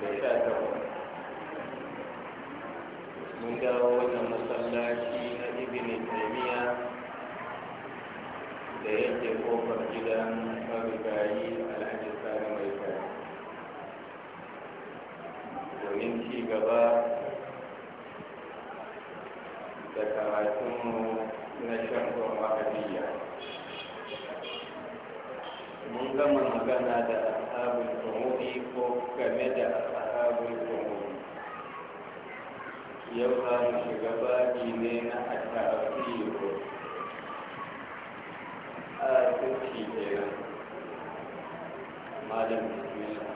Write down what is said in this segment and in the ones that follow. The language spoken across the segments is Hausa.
da mun dawo da masallaci na ibn taymiya da yake kofar gidan marigayi alhaji sani mai kai domin ci gaba da karatunmu na shan ruwan gama magana da ashabul kuhudi ko game da ashabul kuhudi yau za mu shiga babi ne na atafiro a tsarki kenan malam bismillah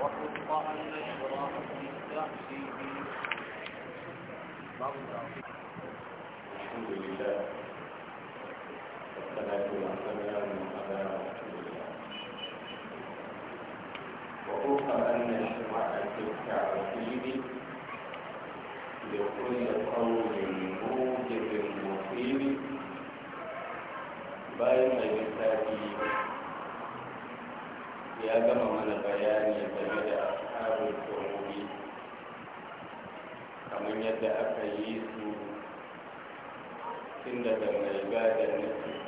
وقد طعن إبراهيم بالتحسين الحمد لله والصلاة والسلام على رسول الله وأوصى أن الشرع ya gama mana bayani game da ashabul kamar yadda aka yi su tun daga mai gadon nufi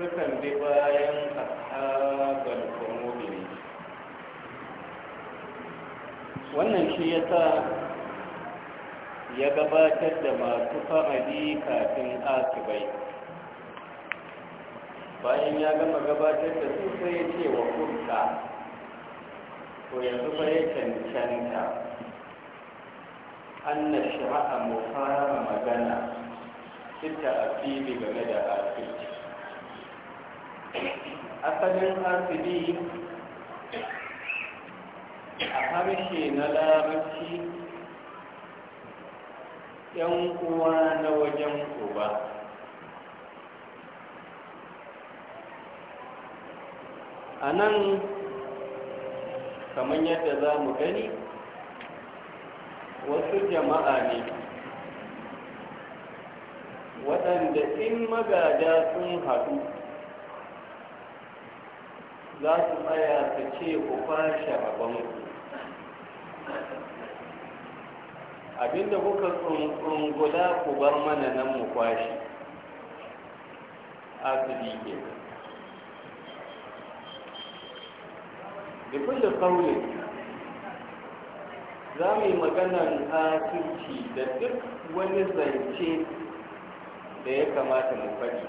sukan bi bayan ashabar kwamobili wannan shi ya sa ya gabatar da masu fa'adi kafin asibai bayan ya gama gabatar da su sai ya ce wa kurka ko yanzu ba ya cancanta an na mu fara magana ita a fili game da asibiti asalin asibi a harshe na larabci yan kuwa na wajen uba a nan kamar yadda za mu gani wasu jama'a ne waɗanda in magada sun haɗu za su tsaya ta ce ku a abanku abinda kuka tsungula ku bar mana nan mu kwashe asali ke da kulle za mu yi a asirci da duk wani zance da ya kamata mu faɗi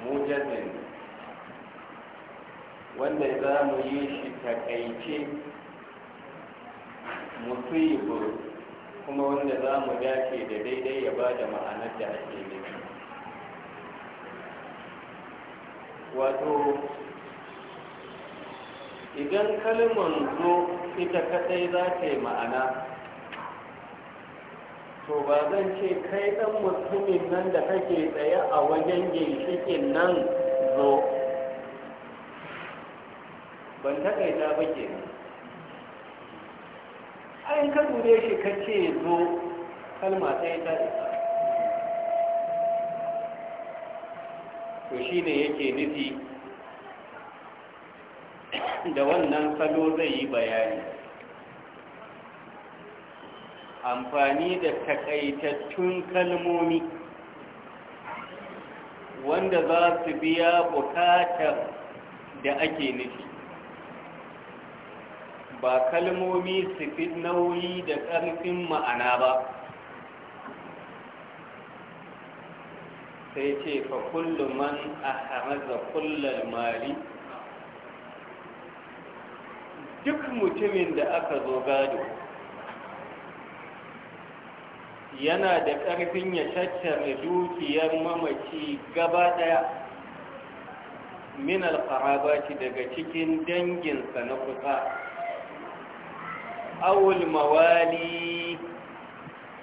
mu mujazin wanda za mu yi shi takaice musibu kuma wanda za mu dace da daidai ya ba da ma'anar da ake ne. wato idan kalmar zo ita kadai za ta yi ma'ana to ba zan ce kai dan mutumin nan da kake tsaye a wajen ginshikin nan zo ban takaita ba ke ayin ka dube shi ka ce zo kalma sai ta isa to shi ne yake nufi da wannan salo zai yi bayani amfani da takaitattun kalmomi wanda za su biya bukatar da ake nufi ba kalmomi su fi nauyi da ƙarfin ma'ana ba sai ce fa kullum man a haraza kullum mali duk mutumin da aka zo gado yana da ƙarfin ya tattara dukiyar mamaci gaba ɗaya min alfaraba daga cikin danginsa na kusa awul mawali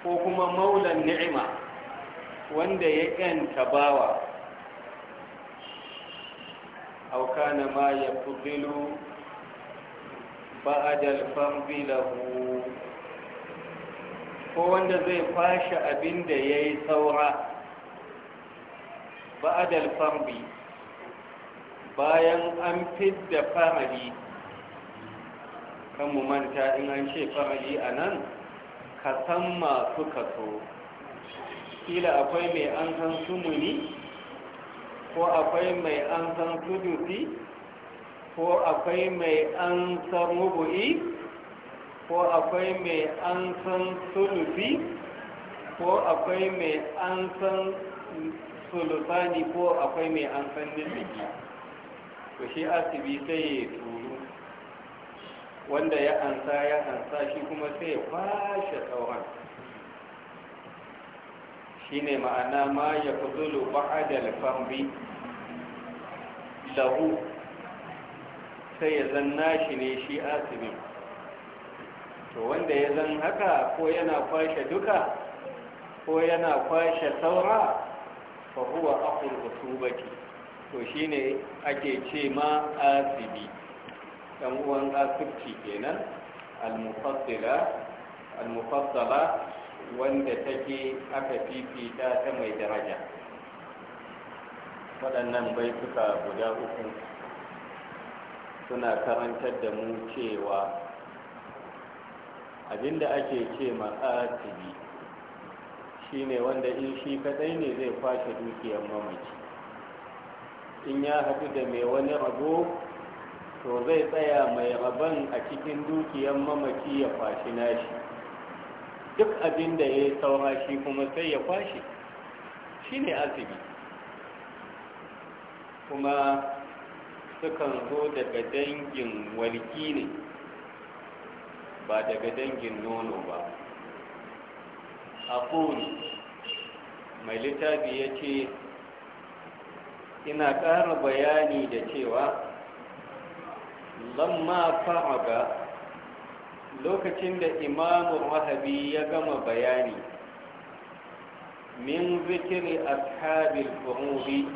ko kuma maulan ni'ima wanda ya yanta bawa auka na ma ya fudilu ba'adal fambi lahu ko wanda zai fashi abinda da ya yi saura ba'adal bayan an fidda fahari kan mu manta in an ce fa'ali a nan ka san masu kaso kila akwai mai an san sumuni ko akwai mai an san sudusi ko akwai mai an san rubu'i ko akwai mai an san sulusi ko akwai mai an san sulusani ko akwai mai an san nisiki ko shi asibi sai ya turu wanda ya ansa ya ansa shi kuma sai ya kwashe sauran shi ne ma'ana ma ya fuzulu ba'adal fambi lahu sai ya zanna shi ne shi asibin to wanda ya zan haka ko yana kwashe duka ko yana kwashe saura fa huwa wasu baki to shine ake ce ma asibi ɗan uwan asibiti kenan al-mufassala wanda take aka fifita ta mai daraja waɗannan suka guda uku suna karantar da mu cewa abinda ake ce Shi ne wanda in shi kadai ne zai kwashe dukiyar mamaki. in ya haɗu da mai wani rago? to zai tsaya mai rabon a cikin dukiyar mamaki ya kwashi nashi duk abin da ya saura shi kuma sai ya kwashi shi ne asibi kuma sukan zo daga dangin walki ne ba daga dangin nono ba a mai littafi ya ce ina ƙara bayani da cewa lamma fa'aga lokacin da Imam wahabi ya gama bayani min zikiri ashabil furubi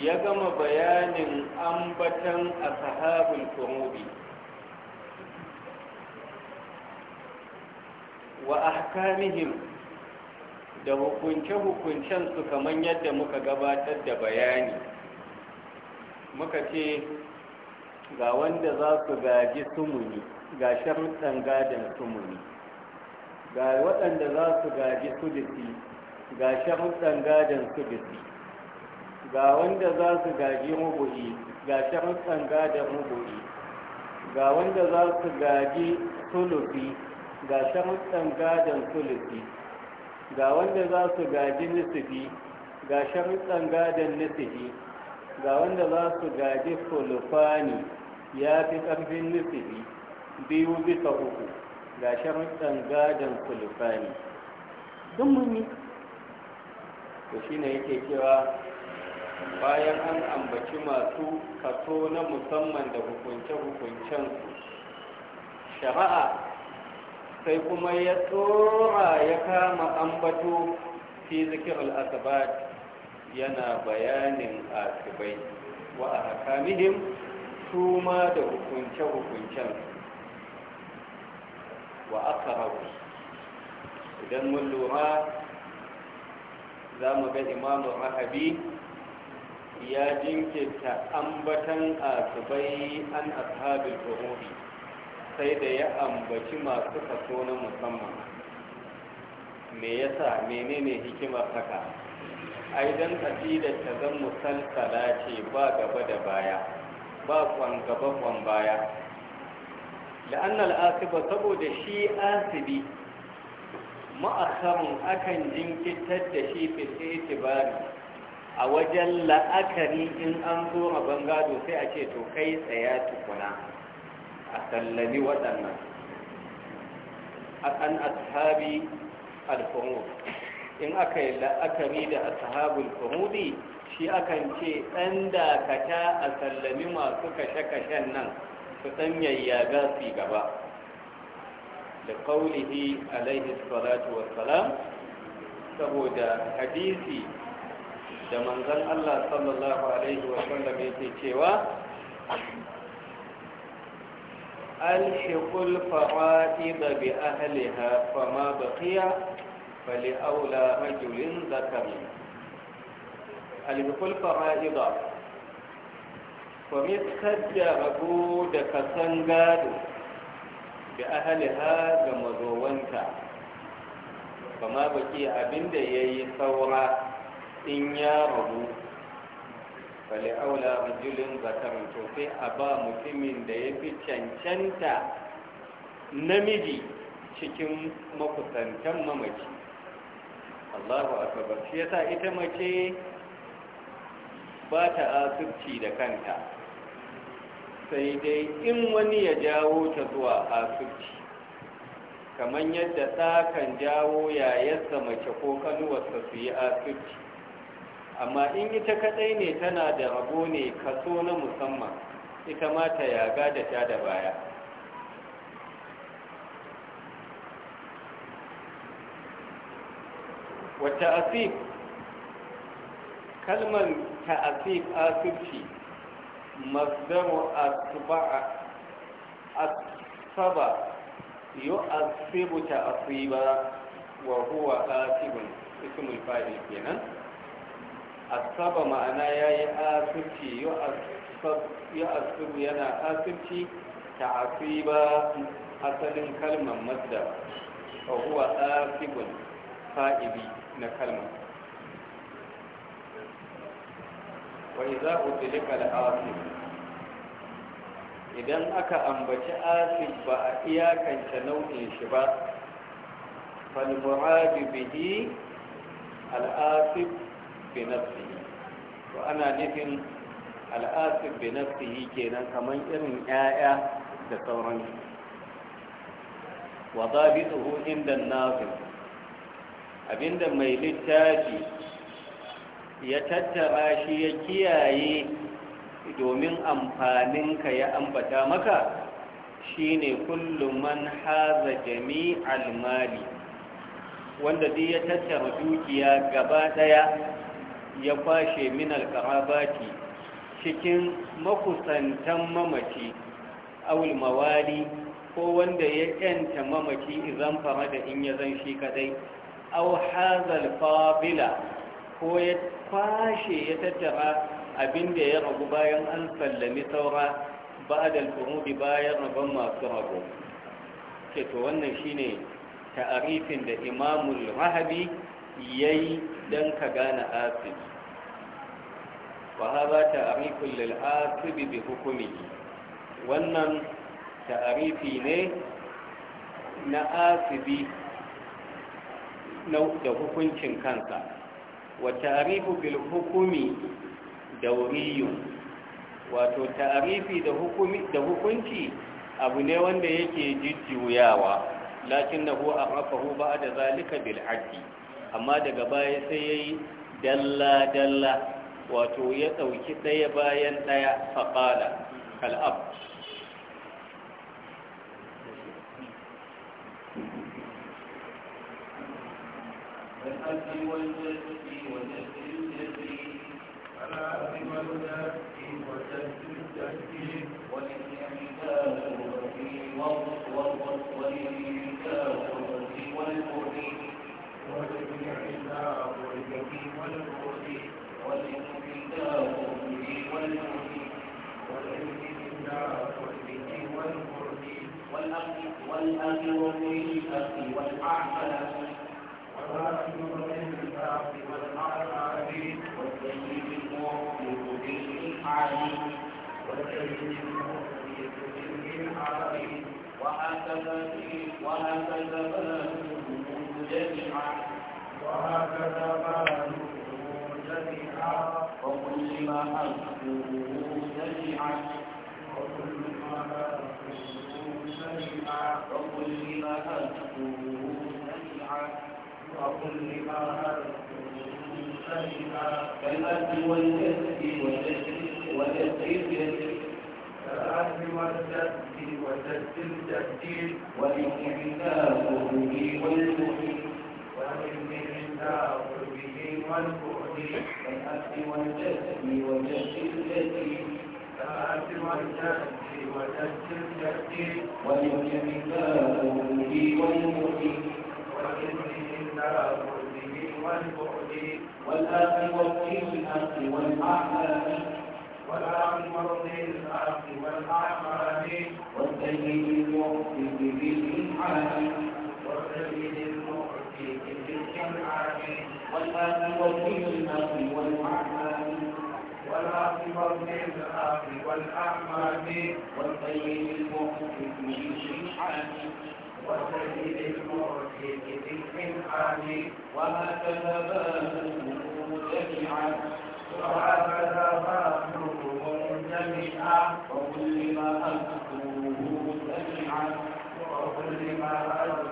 ya gama bayanin ambatan ashabul furubi wa ahkamihim da hukunce hukuncen su kamar yadda muka gabatar da bayani muka ce ga wanda za su gaji sumuni ga sharuɗan gadin sumuni ga waɗanda za su gaji sudisi ga sharuɗan gadon sudisi ga wanda za su gaji rubu'i ga sharuɗan gadin rubu'i ga wanda za su gaji sulufi ga sharuɗan gadin sulufi ga wanda za su gaji nisifi ga sharuɗan gadin nisifi ga wanda za su gaji sulfani ya fi ƙarfin nufi biyu bisa uku ga sharuɗan gadon sulfani don muni to shi ne yake cewa bayan an ambaci masu kaso na musamman da hukunce su shari'a sai kuma ya tsora ya kama ambato fi zikir al'asabat yana bayanin akibai wa a hakamihim su ma da hukunce-hukuncen wa aka hau idan mun lura za mu ga imamu rahabi ya jinkirta ambatan asibai an ashabin tururi sai da ya ambaci masu kaso na musamman me yasa menene hikimar haka ai dan ta zan musalsala ce ba gaba da baya ba kwan gaba kwan baya la'annal asiba saboda shi asibi ma'akamun akan jinkitar da shi fitse bari a wajen la'akari in an zo a bangado sai a ce to kai tsaya tukuna a sallami waɗannan a kan ashabi alfahun in aka yi la'akari da ashabul fahudi shi akan ce ɗan dakata a sallami masu kashe-kashen nan su ɗan yayyaga su gaba da kaulihi alaihi salatu wassalam saboda hadisi da manzan Allah sallallahu alaihi wasallam yake cewa alhiqul fara'id bi ahliha fama baqiya fali aula rajulin zakari alhukul fara'ida kwamitar da rabu da kasan gado da ahaliha ga mazowanta kama baki abinda ya yi saura in ya rabu fali aula rajulin zakari to sai a ba mutumin da ya fi cancanta namiji cikin makusantan mamaci Allahu akabar shi yasa ita mace ba ta asirci da kanta sai dai in wani ya jawo ta zuwa asirci kamar yadda ta kan jawo yayarsa mace ko kanuwarsa su yi asirci amma in ita kadai ne tana da rago ne kaso na musamman ita ma ta yaga da ta da baya wata asif kalmar ta asif asirci masdaru asba'a asaba yu'asibu ta asiba wa huwa asibun ismul fa'il kenan asaba ma'ana yayi asirci yu'asibu yana asirci ta asiba asalin kalmar masdar fa huwa asibun fa'ili na kalma Wai iza utilika al-asif idan aka ambaci asif ba a iyakance nau'in shi ba fal muradu bihi al-asif to ana nufin al'asif bi yi kenan kamar irin 'ya'ya da sauran wa tsohon inda nazim abinda mai littafi ya tattara shi ya kiyaye domin amfanin ka ya ambata maka shine kullum man haza jami mali wanda duk ya tattara dukiya gaba daya ya kwashe min alqarabati cikin makusantan mamaci awul mawali ko wanda ya yanta mamaci idan fara da in ya zan shi kadai aw fabila ko ya kwashe ya tattara abinda ya ragu bayan an sallami saura ba da alfurudi bayan rabon masu rago ke to wannan shine ta'arifin da imamul rahabi yayi dan ka gane asib wa haza ta'arifun lil asib bi wannan ta'arifi ne na asibi da hukuncin kansa wa ta'rifu bil hukumi dauriyun wato ta'arifi da hukumi da hukunci abu ne wanda yake jijjuyawa lakinnahu arafahu da zalika bil amma daga baya sai yayi dalla dalla wato ya dauki daya bayan daya faqala kal ab والحب والجسد وجسد الجسد والعبد والنفس وجسد الجسد والانعكاس والفي والانعكاس والفي والفرد والانعكاس والفي والفرد والانعكاس والفي والفرد والانعكاس والفي والفرد والأخ والأخ والأخ والأعمال وهكذا بلده جميعا وهكذا بلده جميعا وكل ما أذكره جميعا وكل ما كالأكل والكسب والتسريب كالأكل والكسب والتسريب تسريب والانعتاق به والكحل والانعتاق به والكحل كالأكل والكسب والتسريب تسريب كالأكل والكسب وتسجل تسجيل والانعتاق به والكحل والانعتاق والبعد والبعد والآخر والطيب الأخ والأعمى والعقل مرضي الأخ والسيد المعطي بالإنعام والسيد المعطي بالإنعام والآخر والطيب فضل الأب والأحمد والطيب المحسن بالشحن وسيد المرشد بالإنعام وهكذا بانه جميعا وهكذا بانه جميعا وكل ما أذكره جميعا وكل ما أذكره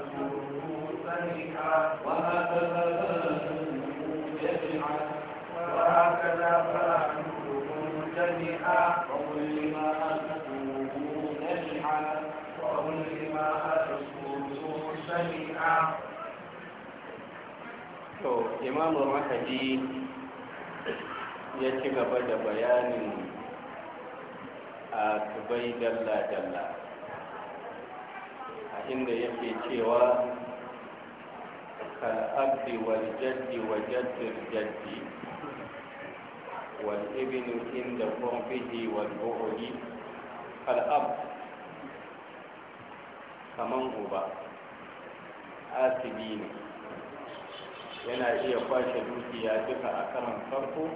to imamu mahadi ya ci gaba da bayanin a tubai dalla-dalla a inda yake cewa kal'abdi wal jaddi wa jaddir jaddi wal ibnu inda kwamfihi wal bu'uli kal'abdi kaman uba asibi ne yana iya kwashe dukiya duka a karan farko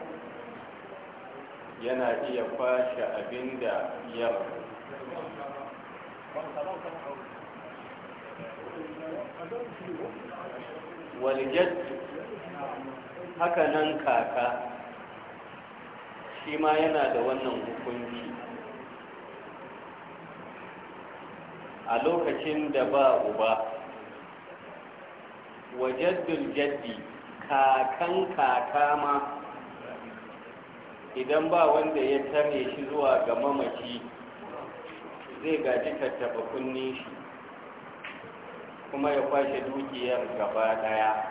yana iya kwashe abin da ya rabu haka nan kaka shi ma yana da wannan hukunci a lokacin da ba uba wa jaddul jaddi kakan kaka ma idan ba wanda ya tare shi zuwa ga mamaci zai gaji tattaba kunne shi kuma ya kwashe dukiyar gaba daya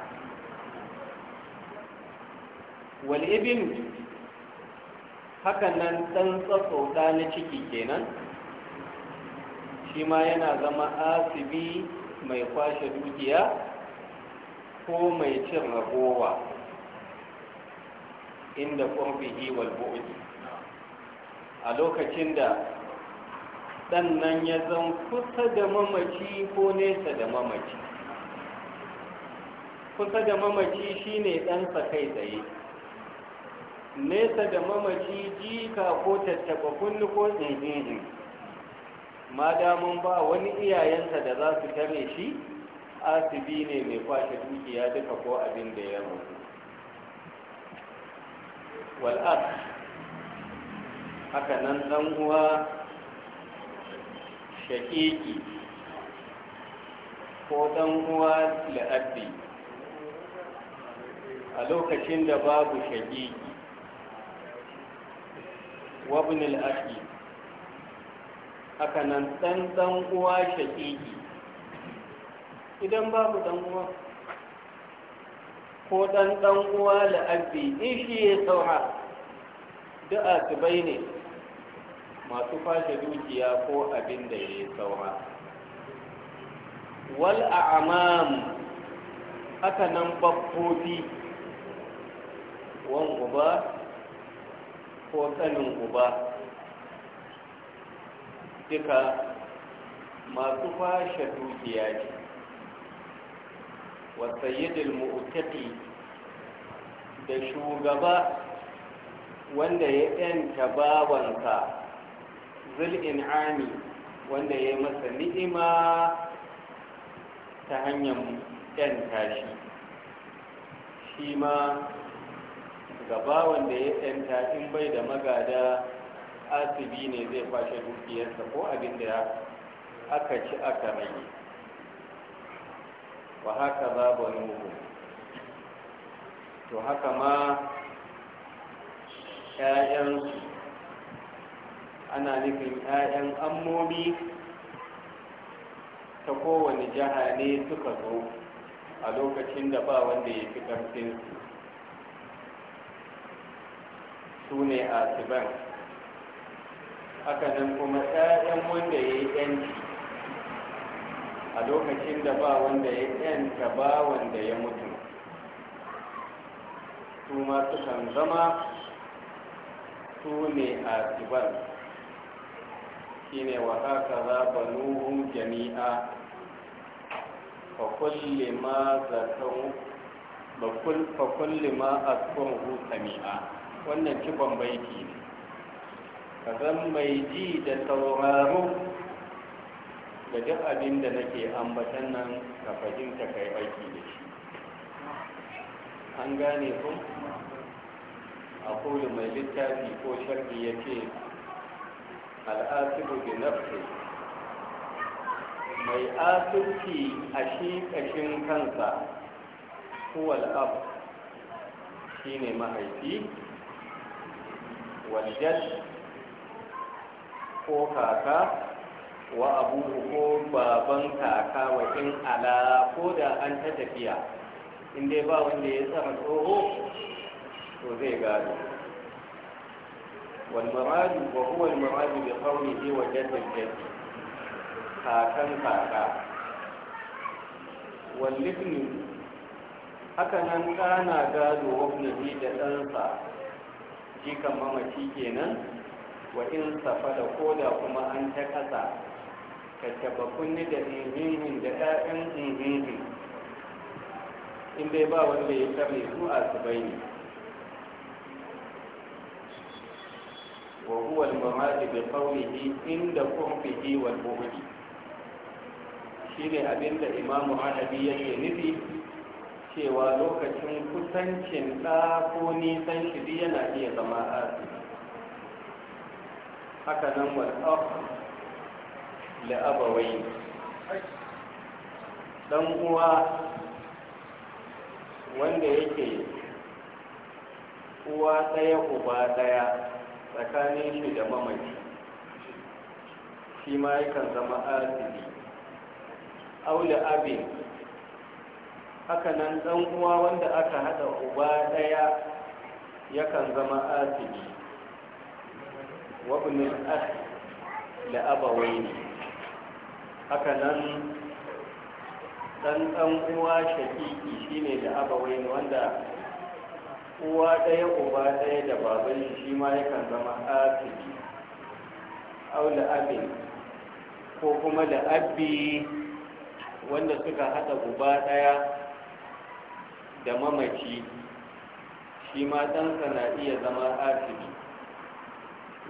wal'ibin hakan nan ɗan tsatso na ciki kenan shi ma yana zama asibi mai kwashe dukiya ko mai cin ragowa inda ƙurbihi wal bude, a lokacin da sannan ya zan kusa da mamaci ko nesa da mamaci kusa da mamaci shine ɗansa kai tsaye nesa da mamaci jika ko tattaba kunni ko ma damun ba wani iyayensa da za su tare shi asibi ne mai kwashe dukiya duka ko abin da ya mutu wal'ad haka nan ɗan uwa shaƙiƙi ko ɗan uwa la'addi a lokacin da babu shaƙiƙi wabnil ashi haka nan ɗan ɗan uwa shaƙiƙi idan babu dan uwa ko dan dan uwa la'abbi in shi ya sauha da'a tubai ne masu fashe dukiya ko abin da ya sauha wal a'mam haka nan babbobi wan uba ko kanin uba duka masu fashe dukiya ne wasayyidul mu'taqi da shugaba wanda ya yanta babansa, zul in'ami wanda ya masa ni'ima ta hanyar yanta shi shi ma gaba wanda ya yanta in bai da magada asibi ne zai kwashe dukiyarsa ko abin da aka ci aka rage wa haka za ba, to haka ma ‘ya'yansu ana nufin ‘ya'yan ammomi ta kowane jiha ne suka zo a lokacin da ba wanda ya fi ƙarfinsu su ne a tiban haka kuma ‘ya'yan wanda ya yi ƴanci a lokacin da ba wanda ya yanta ba wanda ya mutu su ma sukan zama su ne a tibar shi ne wa haka za nuhun jami'a fa kulle ma a tsohon hutami'a wannan cikon baiki ne ka zan mai ji da sauraro da duk abin da nake ambatan nan ka kai aiki da shi an gane ku a kowai mai littafi ko sharbi ya ce al'asibu bi nafsi mai asirci a shi ƙashin kansa huwal ab shi ne mahaifi waljad ko kaka wa abu ko baban kaka wa in ala ko da an ta tafiya in dai ba wanda ya sama tsoho to zai gado wal maradu wa huwa al maradu bi qawlihi wa jaddal jaddi kakan kaka wal libni haka nan kana gado wa ibnihi da ɗansa jikan mamaci kenan wa in safa da koda kuma an ta kasa ka taba kunni da ihihin da ɗayan ihihin in dai ba wanda ya tare su a sabai ne wa huwa al-muradi bi qawlihi inda qurbihi wal bughdi shine abinda imamu Ahmad yake nufi cewa lokacin kusancin ɗa ko nisan shi yana iya zama asiri haka nan wal abawai dan uwa wanda yake uwa ɗaya uba ɗaya tsakanin shi da mamaki, shi ma yakan zama asibi aula abin haka nan dan uwa wanda aka hada uba ɗaya yakan zama asibi wa ibn al-akh la abawaini haka nan ɗanɗan uwa shafiƙi shi ne da abawai wanda uwa ɗaya uba ɗaya da baban shi ma yakan zama au da abin ko kuma da abbi wanda suka haɗa uba ɗaya da mamaci shi ma ɗansa na iya zama asibi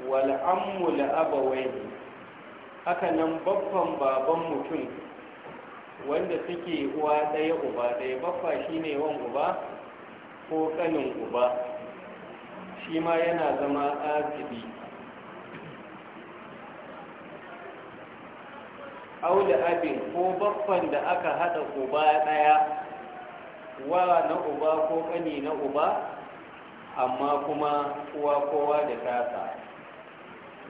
wal'ammu la'abawai haka nan babban baban mutum wanda suke uwa ɗaya uba ɗaya baffa shi ne wan uba ko ƙanin uba shi ma yana zama asibi aula abin ko baffan da aka haɗa uba ɗaya wa na uba ko ƙani na uba amma kuma uwa kowa da tasa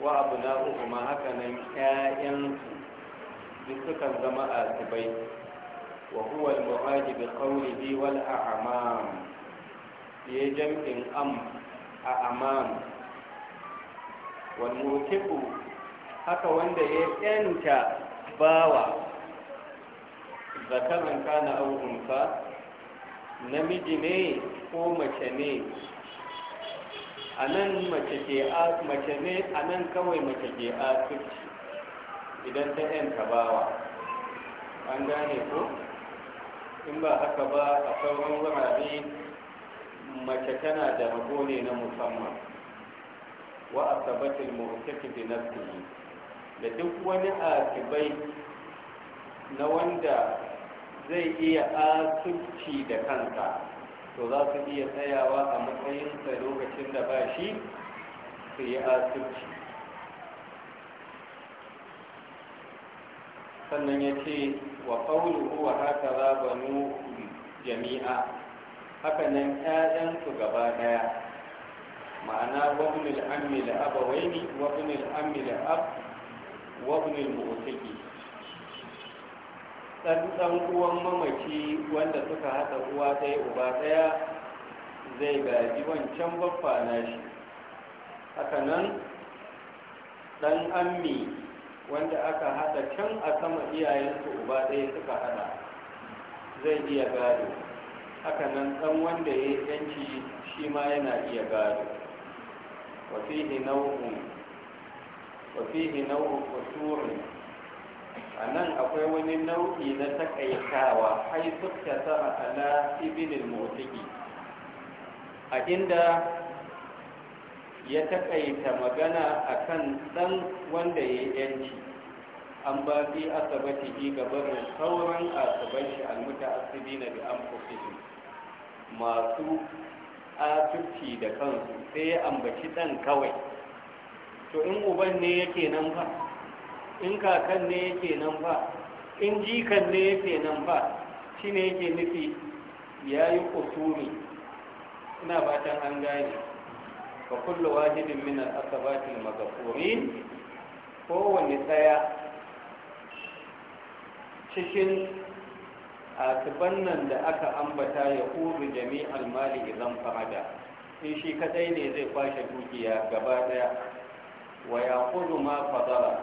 wa abu na uku ma haka nan ƴaƴansu duk sukan zama a tubai wa huwa al-muhaji bi qawlihi wal a'mam ya jam'in am a amam wal mutiku haka wanda ya ƴanta bawa zakaran kana au unsa namiji ne ko mace ne a nan mace ke mace ne a kawai mace ke asirci idan ta yan tabawa an gane ko in ba haka ba a sauran wurare mace tana da rago na musamman wa a sabatin murtaki da da duk wani asibai na wanda zai iya asirci da kansa to za su iya tsayawa a matsayinsa lokacin da ba shi su yi asirci sannan ya ce wa ko wa haka za banu jami'a haka nan ‘ya'yansu gaba ɗaya ma'ana wabnil amila abawai ne wabnil amila ab wabnil ɗan uwan mamaci wanda suka haɗa uwa ɗaya uba ɗaya zai gaji wancan baffa na shi haka nan ɗan ammi wanda aka haɗa can a sama iyayensu uba ɗaya suka haɗa zai iya gado haka nan ɗan wanda ya yi yanci shi ma yana iya gado wafi hinau wasu wurin. a nan akwai wani nau'i na takaitawa haifu ta sama ala ibinin motiki a inda ya takaita magana akan kan ɗan wanda ya yi yanci an ba fi asabati sauran asabashi almuta asibi na da an masu asirci da kansu sai ya ambaci ɗan kawai to in uban ne yake nan fa. in kakan ne yake nan ba in jikan ne yake nan ba shi ne yake nufi ya yi kusuri ina batan an gane ba kullu wajibin min al-asabatil magafurin kowane tsaya cikin asiban nan da aka ambata ya ƙuru jami'ar mali idan fahada in shi kadai ne zai kwashe dukiya gaba daya wa ya ma fadara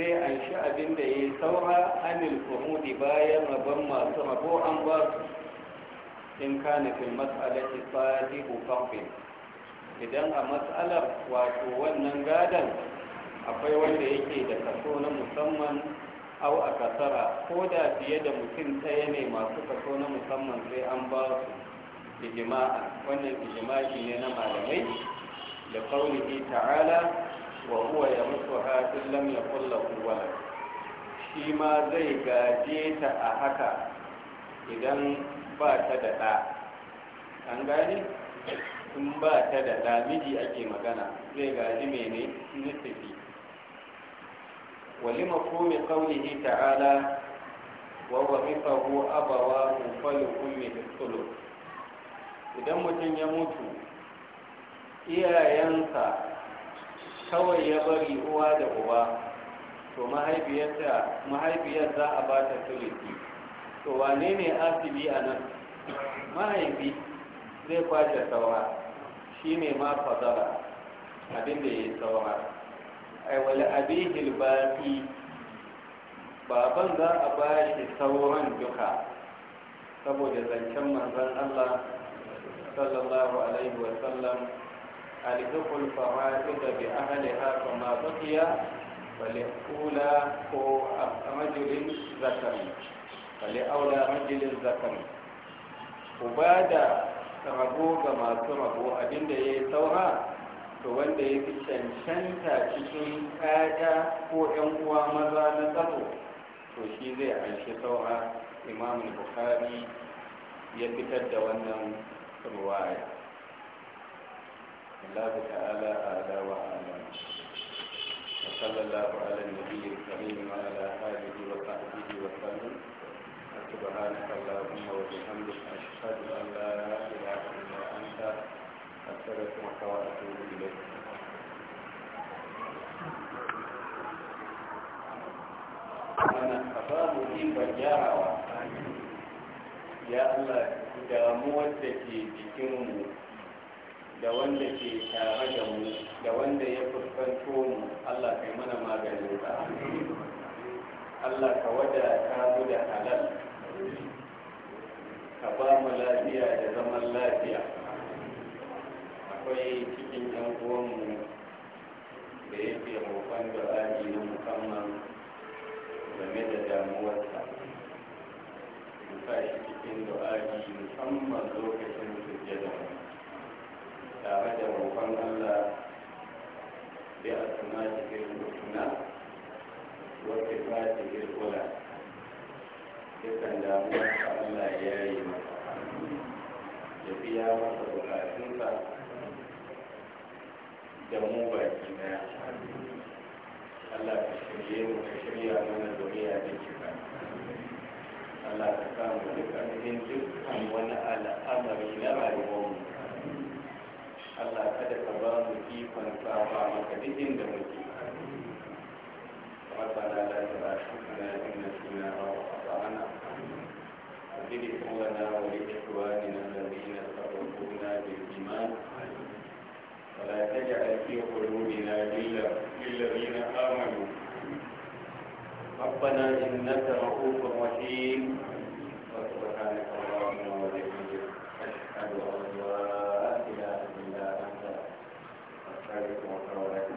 zai anshi abin da ya yi saura hannun kumudi bayan rabon masu rabo an ba su in ka nufin isa sadihu kamfin idan a matsalar wato wannan gadon akwai wanda yake da kaso na musamman au a kasara ko da fiye da mutum ɗaya ne masu kaso na musamman sai an ba su ijima'a wannan ijima'i ne na malamai da kaunihi ta'ala wa huwa ya mutu hafin lam ya kulla kuwala shi ma zai gaje ta a haka idan ba ta da ɗa an gane in ba ta da ɗa miji ake magana zai gaji mene nufi wali makomi kaunihi ta'ala wa wabifahu abawa mufali ummi da idan mutum ya mutu iyayensa kawai ya bari uwa da uba to mahaifiyar za a ba ta tulisi to wane ne asibi a nan mahaifi zai kwace saura shi ne ma fazara abinda ya yi saura aiwal abihil baƙi baban za a ba shi sauran duka saboda zancen manzan allah sallallahu alaihi wasallam ألحق الفوائد بأهلها فما بقي فلأولى هو رجل ذكر فلأولى رجل ذكر وبعد rabo ga masu rabo abinda ya yi saura to wanda ya fi cancanta cikin kaya ko yan uwa maza na tsaro to shi zai aishi saura imamun bukari ya fitar da wannan ruwaya الله تعالى أعلى وأعلى وصلى الله على النبي الكريم وعلى آله وصحبه وسلم سبحانك اللهم وبحمدك أشهد أن لا إله إلا أنت أستغفرك وأتوب إليك babu ikon gyarawa ya Allah damuwar da ke jikinmu da wanda ke tare da mu da wanda ya fuskanto mu Allah kai mana maganin ka Allah ka wada ka mu da halal ka ba mu lafiya da zaman lafiya akwai cikin yan uwanmu da fi roƙon da aji na musamman game da damuwarsa mu sa shi cikin da musamman lokacin sujjada mu tare da roƙon Allah bi asma'ihi rufuna husna wa cikin rufuna فنفعها بك ربنا لا تؤاخذنا إن نسينا أو أطعنا واغفر ولإخواننا الذين سبقونا بالإيمان ولا تجعل في قلوبنا إلا للذين آمنوا ربنا إنك رؤوف رحيم وسبحانك اللهم وبحمدك أشهد أن every quarter or every